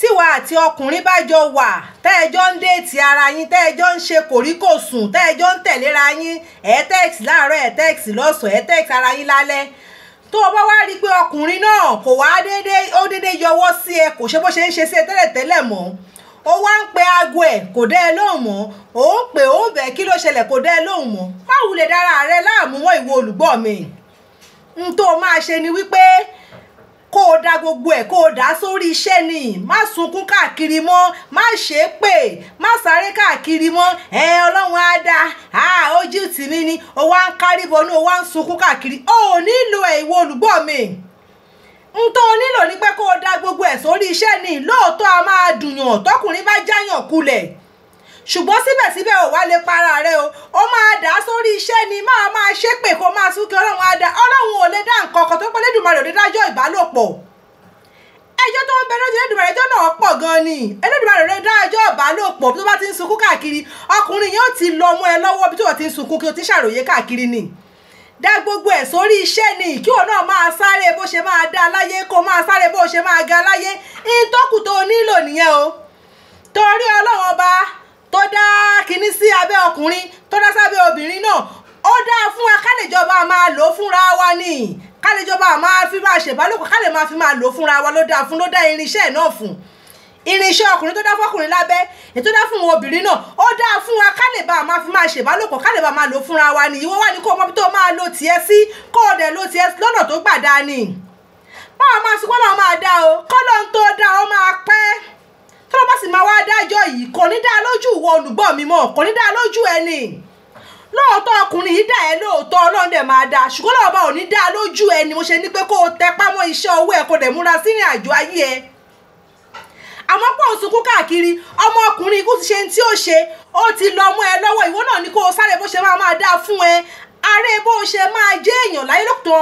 tíwa àti ọkùnrin bá jọ wà tẹ́ẹ̀jọ́ ń déètì ara yín tẹ́ẹ̀jọ́ ń ṣe kòríkòsùn tẹ́ẹ̀jọ́ ń tẹ̀léra yín ẹ̀ẹ́tẹ́ẹ̀sì láàárọ̀ ẹ̀ẹ́tẹ́ẹ̀sì lọ́sàn ẹ̀ẹ́tẹ́ẹ̀sì ara yín lálẹ́ tó o bá wá rí i pé ọkùnrin náà kò wá déédé ó déédé yọwọ́ sí ẹ kò ṣe bó ṣe ń ṣe sí ẹ tẹ́lẹ̀tẹ́lẹ̀ mọ́ ó wá ń pe aago ẹ kò dẹ́ ẹ lóhùn mọ́ ó ń pè ó ń bẹ̀ kí ló ṣẹlẹ̀ kò dẹ́ ẹ lóhùn mọ́ má wulẹ̀ dára rẹ láàmú wọn ìwo olùgbọ́ mi n tó máa ṣe ni wípé kó o da gbogbo ẹ̀ kó o dá sórí iṣẹ́ ni má sunkún káàkiri mọ́ má ṣe é pè má sáré káàkiri mọ́ ẹ ọlọ́run á dá a ojú tìmí mí ni o wá ń kárí bọnú o wá ń sunkún káàkiri o nílò ẹ ìwọ olùgbọ́ mi n tó nílò ní pé kó o da gbogbo ẹ sórí iṣẹ́ ni lóòótọ́ a máa dùnyàn tọkùnrin bá jáyàn kulẹ̀ ṣùgbọ́n síbẹ̀síbẹ̀ ò wá lè para rẹ o ó máa dà á sórí iṣẹ́ ni máa máa ṣépè kó máa súnkẹ́ ọlọ́run á dá ọlọ́run ò lè dá nǹkan kan tó pẹ́ lẹ́dùnmarè ò lè dájọ́ ìbálò pọ̀ ẹjọ́ tó ń bẹ lójú Elédùmarè ẹjọ́ náà pọ̀ gan ni Elédùmarè rẹ dá ẹjọ́ ìbálòpọ̀ tó bá ti ń sunkún káàkiri ọkùnrin yóò ti lọ mọ́ ẹ lọ́wọ́ bí tó ti ń sunkún kí o ti ṣàròyé káàkiri ni dá gbogbo ẹ̀ sórí iṣẹ́ ni kí òun náà máa sáré bó ṣe máa dá láyé kó máa sáré bó ṣe máa ga láyé ìtọ́kù tó nílò nìyẹn o torí ọlọ́run ọba tó dá kinní sí abẹ́ ọkùnrin tó dá sábẹ́ obìnrin náà ó dáa fún wa kálẹ̀jọba máa lò ó fúnra ni ká lè jọba máa fi máa ṣèbálòpọ̀ ká lè máa fi máa lò fúnra wa ló dáa fún ló dá irinṣẹ́ náà fún irinṣẹ́ ọkùnrin tó dá fọkùnrin lábẹ́ ètò dá fún obìnrin náà ó dáa fún wa ká lè bá máa fi máa ṣèbálòpọ̀ ká lè bá máa lò fúnra wa ni ìwọ wà ní kó o mọ tó máa lo tiẹ̀ sí kó o dẹ̀ lo tiẹ̀ lọ́nà tó gbà dáa ni báwa máa sọ kọ́nà máa dá o kọ́nà tó dá o máa pẹ́ tọ́lọ́ bá sì máa wá dájọ́ yìí kò ní dá lójú ìwọ olùgbọ́ mi mọ́ kò ní dá lójú ẹni lóòótọ́ ọkùnrin yìí dà ẹ́ lóòótọ́ ọlọ́run dẹ̀ máa dáa ṣùgbọ́n lọ́wọ́ bá ò ní dáa lójú ẹ ni mo ṣe ní pé kó o tẹpá mọ́ iṣẹ́ owó ẹ kó dẹ̀ múra sí ìrìn àjò ayé ẹ àmọ́ pọ̀ ń sunkún káàkiri ọmọ ọkùnrin ikú ti ṣe ní tí ó ṣe ó ti lọ mọ́ ẹ lọ́wọ́ ìwọ náà ni kó o sáré bó ṣe máa máa dáa fún ẹ ààrẹ bó ṣe máa jẹ́ èèyàn láyé lókùtò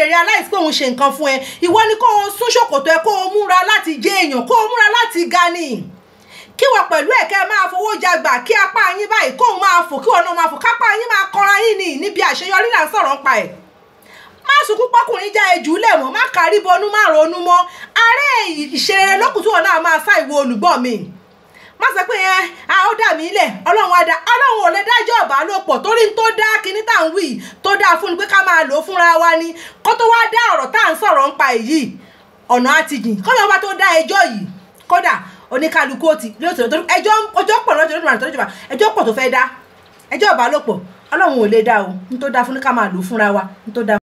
lè realize pé òun ṣe nǹkan fún ẹ ìwọ ni kó o sún ṣòkòtò ẹ kó o múra láti jẹ èèyàn kó o múra láti ga ni kíwọ pẹ̀lú ẹ̀kẹ́ máa fowó jagbà kí apá yín báyìí kóun máa fò kíwọ náà máa fò kápá yín máa kanra yín ni níbi àṣeyọrí là ń sọ̀rọ̀ ń pa ẹ̀ má sunkún pọ́kùnrin já ẹjù lẹ̀ mọ́ má kárí bọnú má ronú mọ́ àárẹ̀ ìṣeré lókùtù wọn náà máa sá ìwo olùgbọ́ mi. má sọ pé eh, a ó dà mí lẹ̀ ọlọ́run á ọlọ́run ò lè dájọ́ ìbálòpọ̀ torí tó dá kinní tá à ń wí tó dáa fún ni pé ká máa lò ó fúnra wa ni kó tó dá ọ̀rọ̀ tá à ń sọ̀rọ̀ ń pa èyí ọ̀nà kọ́lọ́ bá tó dá ẹjọ́ yìí kódà oníkálukú ó o ní tó dá wa ní